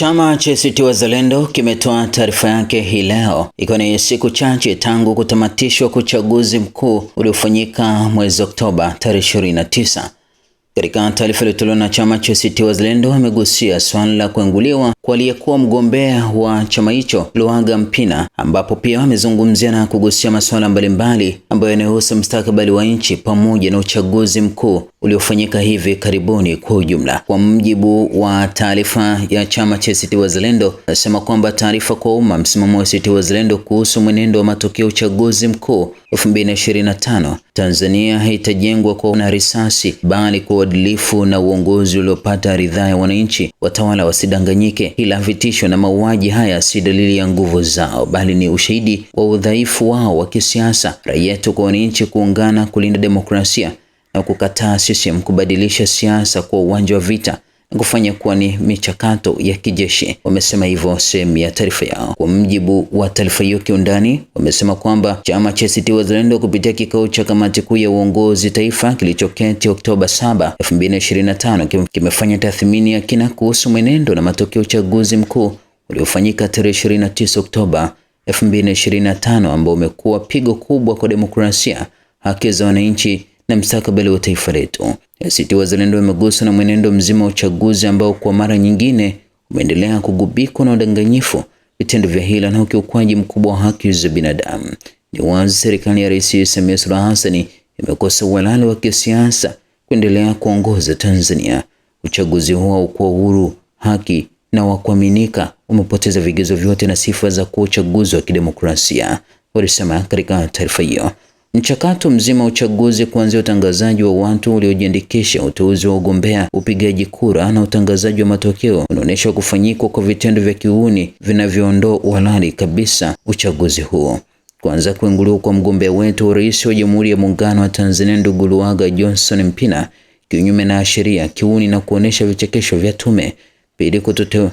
Chama cha ACT Wazalendo kimetoa taarifa yake hii leo ikiwa ni siku chache tangu kutamatishwa kwa uchaguzi mkuu uliofanyika mwezi Oktoba tarehe 29. Katika taarifa iliyotolewa na chama cha ACT Wazalendo amegusia swala la kuenguliwa kwa aliyekuwa mgombea wa chama hicho Luhaga Mpina, ambapo pia amezungumzia na kugusia masuala mbalimbali ambayo yanayohusu mstakabali wa nchi pamoja na uchaguzi mkuu uliofanyika hivi karibuni kwa ujumla. Kwa mjibu wa taarifa ya chama cha ACT Wazalendo, nasema kwamba taarifa kwa umma, msimamo wa ACT Wazalendo kuhusu mwenendo wa matokeo ya uchaguzi mkuu 2025, Tanzania haitajengwa kwa na risasi bali kwa uadilifu na uongozi uliopata ridhaa ya wananchi. Watawala wasidanganyike, ila vitisho na mauaji haya si dalili ya nguvu zao, bali ni ushahidi wa udhaifu wao wa kisiasa. Rai yetu kwa wananchi kuungana kulinda demokrasia na kukataa sisi kubadilisha siasa kwa uwanja wa vita kufanya kuwa ni michakato ya kijeshi. Wamesema hivyo sehemu ya taarifa yao. Kwa mjibu wa taarifa hiyo kiundani, wamesema kwamba chama cha ACT Wazalendo kupitia kikao cha kamati kuu ya uongozi taifa kilichoketi Oktoba 7, 2025 kimefanya tathmini ya kina kuhusu mwenendo na matokeo ya uchaguzi mkuu uliofanyika tarehe 29 Oktoba 2025 ambao umekuwa pigo kubwa kwa demokrasia, haki za wananchi na mstakabali wa taifa letu. ACT Wazalendo imeguswa na mwenendo mzima wa uchaguzi ambao kwa mara nyingine umeendelea kugubikwa na udanganyifu, vitendo vya hila na ukiukwaji mkubwa wa haki za binadamu. Ni wazi serikali ya Rais Samia Suluhu Hassan imekosa uhalali wa kisiasa kuendelea kuongoza Tanzania. Uchaguzi huo haukuwa huru, haki na wa kuaminika, umepoteza vigezo vyote na sifa za kuwa uchaguzi wa kidemokrasia, walisema katika taarifa hiyo. Mchakato mzima wa uchaguzi kuanzia utangazaji wa watu waliojiandikisha, uteuzi wa ugombea, upigaji kura na utangazaji wa matokeo unaonyesha kufanyikwa kwa vitendo vya kiuni vinavyoondoa uhalali kabisa uchaguzi huo. Kwanza, kuinguliwa kwa mgombea wetu rais wa Jamhuri ya Muungano wa Tanzania ndugu Luhaga Johnson Mpina kinyume na sheria, kiuni na kuonesha vichekesho vya tume. Pili, kutote...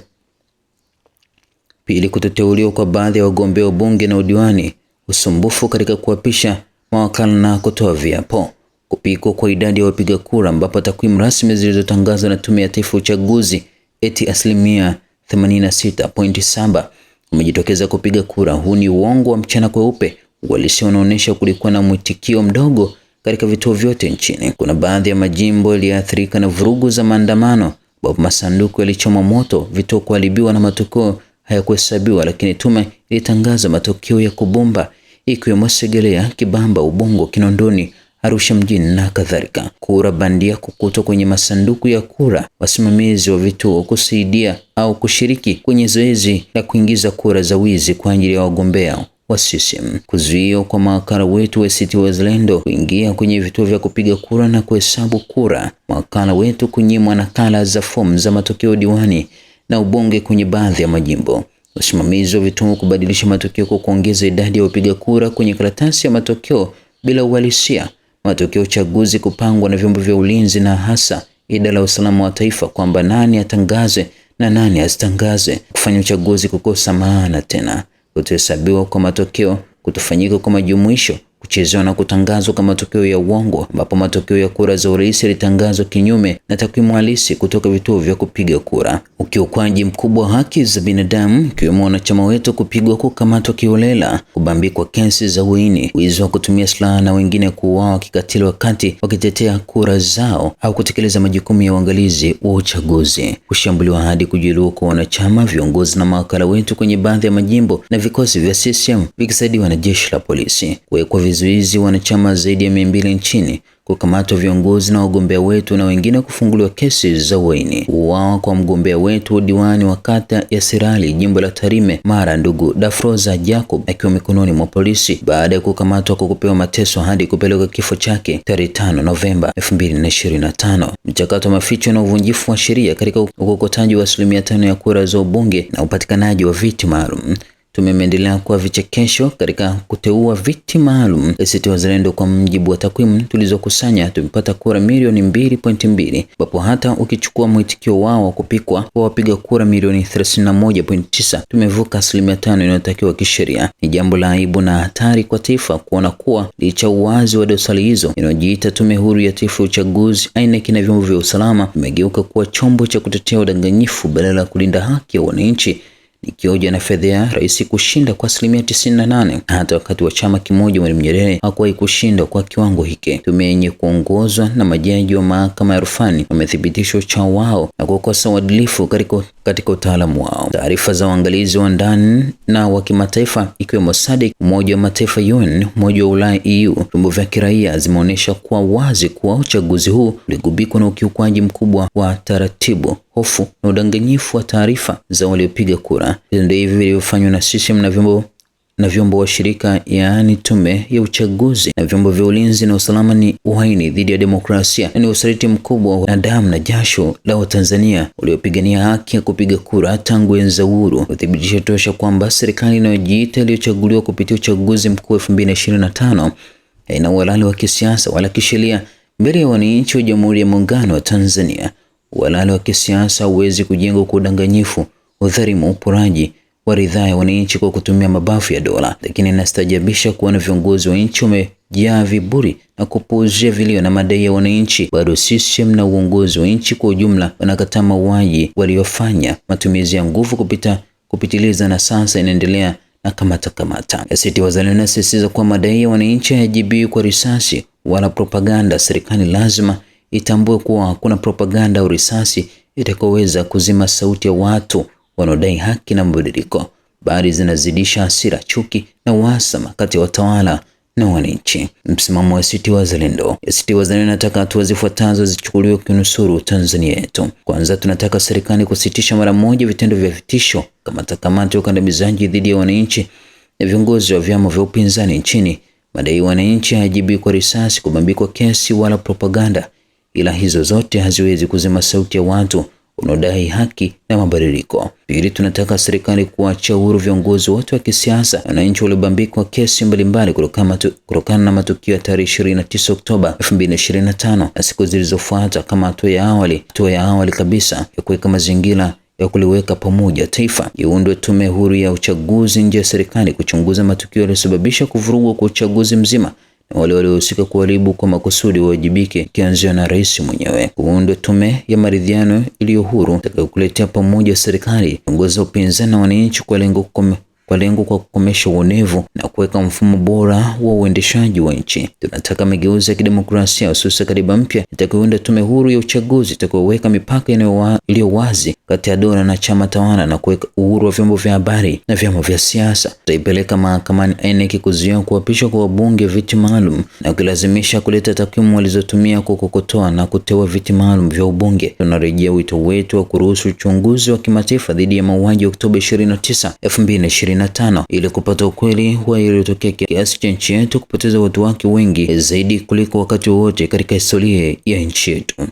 Pili, kutoteuliwa kwa baadhi ya wagombea bunge na udiwani, usumbufu katika kuapisha mawakala na kutoa viapo. Kupikwa kwa idadi ya wapiga kura, ambapo takwimu rasmi zilizotangazwa na Tume ya Taifa ya Uchaguzi eti asilimia 86.7 umejitokeza kupiga kura. Huu ni uongo wa mchana kweupe. Uhalisia unaonyesha kulikuwa na mwitikio mdogo katika vituo vyote nchini. Kuna baadhi ya majimbo yaliyoathirika na vurugu za maandamano, ambapo masanduku yalichoma moto, vituo kuharibiwa na matokeo hayakuhesabiwa, lakini tume ilitangaza matokeo ya kubumba ikiwemo segelea Kibamba, Ubongo, Kinondoni, Arusha mjini na kadhalika. Kura bandia kukutwa kwenye masanduku ya kura, wasimamizi wa vituo kusaidia au kushiriki kwenye zoezi la kuingiza kura za wizi kwa ajili ya wagombea wa CCM. Kuzuio kwa mawakala wetu wa ACT Wazalendo kuingia kwenye vituo vya kupiga kura na kuhesabu kura, mawakala wetu kunyimwa nakala za fomu za matokeo diwani na ubunge kwenye baadhi ya majimbo usimamizi wa vituo kubadilisha matokeo kwa kuongeza idadi ya wapiga kura kwenye karatasi ya matokeo bila uhalisia, matokeo uchaguzi kupangwa na vyombo vya ulinzi na hasa idara ya usalama wa taifa kwamba nani atangaze na nani asitangaze, kufanya uchaguzi kukosa maana tena, kutohesabiwa kwa matokeo, kutofanyika kwa majumuisho kuchezewa na kutangazwa kwa matokeo ya uongo ambapo matokeo ya kura za urais yalitangazwa kinyume na takwimu halisi kutoka vituo vya kupiga kura, ukiukwaji mkubwa wa haki za binadamu, ikiwemo wanachama wetu kupigwa, kukamatwa kiholela, kubambikwa kesi za uhaini, wizi wa kutumia silaha na wengine kuuawa kikatili wakati wakitetea kura zao au kutekeleza majukumu ya uangalizi wa uchaguzi, kushambuliwa hadi kujeruhiwa kwa wanachama, viongozi na mawakala wetu kwenye baadhi ya majimbo na vikosi vya CCM vikisaidiwa na jeshi la polisi, kuwekwa kizuizi wanachama zaidi ya mia mbili nchini, kukamatwa viongozi na wagombea wetu na wengine kufunguliwa kesi za uhaini, uawa kwa mgombea wetu wa diwani wa kata ya Sirali jimbo la Tarime Mara, ndugu Dafroza Jacob akiwa mikononi mwa polisi baada ya kukamatwa kwa kupewa mateso hadi kupelekwa kifo chake tarehe 5 Novemba 2025. Mchakato wa maficho na uvunjifu wa sheria katika ukokotaji wa asilimia tano ya kura za ubunge na upatikanaji wa viti maalum Tume imeendelea kuwa vichekesho katika kuteua viti maalum. ACT Wazalendo, kwa mjibu wa takwimu tulizokusanya, tumepata kura milioni 2.2, ambapo hata ukichukua mwitikio wao wa kupikwa kwa wapiga kura milioni 31.9, tumevuka asilimia tano inayotakiwa kisheria. Ni jambo la aibu na hatari kwa taifa kuona kuwa licha uwazi wa dosari hizo, inayojiita Tume Huru ya Taifa ya Uchaguzi INEC na vyombo vya usalama vimegeuka kuwa chombo cha kutetea udanganyifu badala ya kulinda haki ya wananchi nikioja na fedhea rais kushinda kwa asilimia 98. Hata wakati wa chama kimoja Mwalimu Nyerere hakuwahi kushinda kwa kiwango hiki. Tume yenye kuongozwa na majaji wa mahakama ya rufani wamethibitisha uchao wao na kukosa uadilifu katika katika utaalamu wao. Taarifa za uangalizi wa ndani na wa kimataifa ikiwemo SADC, Umoja wa Mataifa UN, Umoja wa Ulaya EU, vyombo vya kiraia zimeonyesha kuwa wazi kuwa uchaguzi huu uligubikwa na ukiukwaji mkubwa wa taratibu hofu na udanganyifu wa taarifa za waliopiga kura. Vitendo hivi vilivyofanywa na CCM na vyombo na vyombo wa shirika yaani tume ya uchaguzi na vyombo vya ulinzi na usalama ni uhaini dhidi ya demokrasia na ni usaliti mkubwa na damu na jasho la Watanzania waliopigania haki ya kupiga kura tangu enza uhuru. Uthibitisho tosha kwamba serikali inayojiita iliyochaguliwa kupitia uchaguzi mkuu wa 2025 haina uhalali wa kisiasa wala kisheria mbele ya wananchi wa Jamhuri ya Muungano wa Tanzania. Uhalali wa kisiasa huwezi kujengwa kwa udanganyifu, udhalimu, uporaji wa ridhaa ya wananchi kwa kutumia mabavu ya dola. Lakini inastajabisha kuona viongozi wa nchi wamejaa viburi na kupuuzia vilio na madai ya wananchi. Bado system na uongozi wa nchi kwa ujumla wanakataa mauaji waliofanya, matumizi ya nguvu kupita kupitiliza, na sasa inaendelea na kamata kamata. Gazeti Wazalendo inasisitiza kuwa madai ya wananchi hayajibiwi kwa risasi wala propaganda. Serikali lazima itambue kuwa hakuna propaganda au risasi itakayoweza kuzima sauti ya watu wanaodai haki na mabadiliko, bali zinazidisha hasira, chuki na uhasama kati ya watawala na wananchi. Msimamo wa ACT Wazalendo. ACT Wazalendo nataka hatua zifuatazo zichukuliwe kunusuru Tanzania yetu. Kwanza, tunataka serikali kusitisha mara moja vitendo vya vitisho, kamata kamati ya ukandamizaji dhidi ya wananchi na viongozi wa vyama vya upinzani nchini, madai wananchi hayajibi kwa risasi, kubambikwa kesi wala propaganda ila hizo zote haziwezi kuzima sauti ya watu unaodai haki na mabadiliko. Pili, tunataka serikali kuachia huru viongozi wote wa kisiasa, na wananchi waliobambikwa kesi mbalimbali kutokana na matukio ya tarehe 29 Oktoba 2025 na siku zilizofuata, kama hatua ya awali hatua ya awali kabisa ya kuweka mazingira ya kuliweka pamoja taifa. Iundwe tume huru ya uchaguzi nje ya serikali kuchunguza matukio yaliyosababisha kuvurugwa kwa uchaguzi mzima wale waliohusika kuharibu kwa makusudi wawajibike, ikianzia na rais mwenyewe. kuunda tume ya maridhiano iliyo huru itakayokuletea pamoja serikali, viongozi wa upinzani na wananchi kwa lengo kwa lengo kwa kukomesha uonevu na kuweka mfumo bora wa uendeshaji wa nchi. Tunataka mageuzi ya kidemokrasia, hususa katiba mpya itakayounda tume huru ya uchaguzi itakayoweka mipaka iliyo wazi kati ya dola na chama tawala na kuweka uhuru wa vyombo vya habari na vyama vya siasa. Tutaipeleka mahakamani INEC kuzuia kuapishwa kwa wabunge viti maalum na kulazimisha kuleta takwimu walizotumia kukokotoa na kuteua viti maalum vya ubunge. Tunarejea wito wetu wa kuruhusu uchunguzi wa kimataifa dhidi ya mauaji ya Oktoba 29, 2020. 25 ili kupata ukweli huwa iliyotokea kiasi cha nchi yetu kupoteza watu wake wengi zaidi kuliko wakati wowote katika historia ya nchi yetu.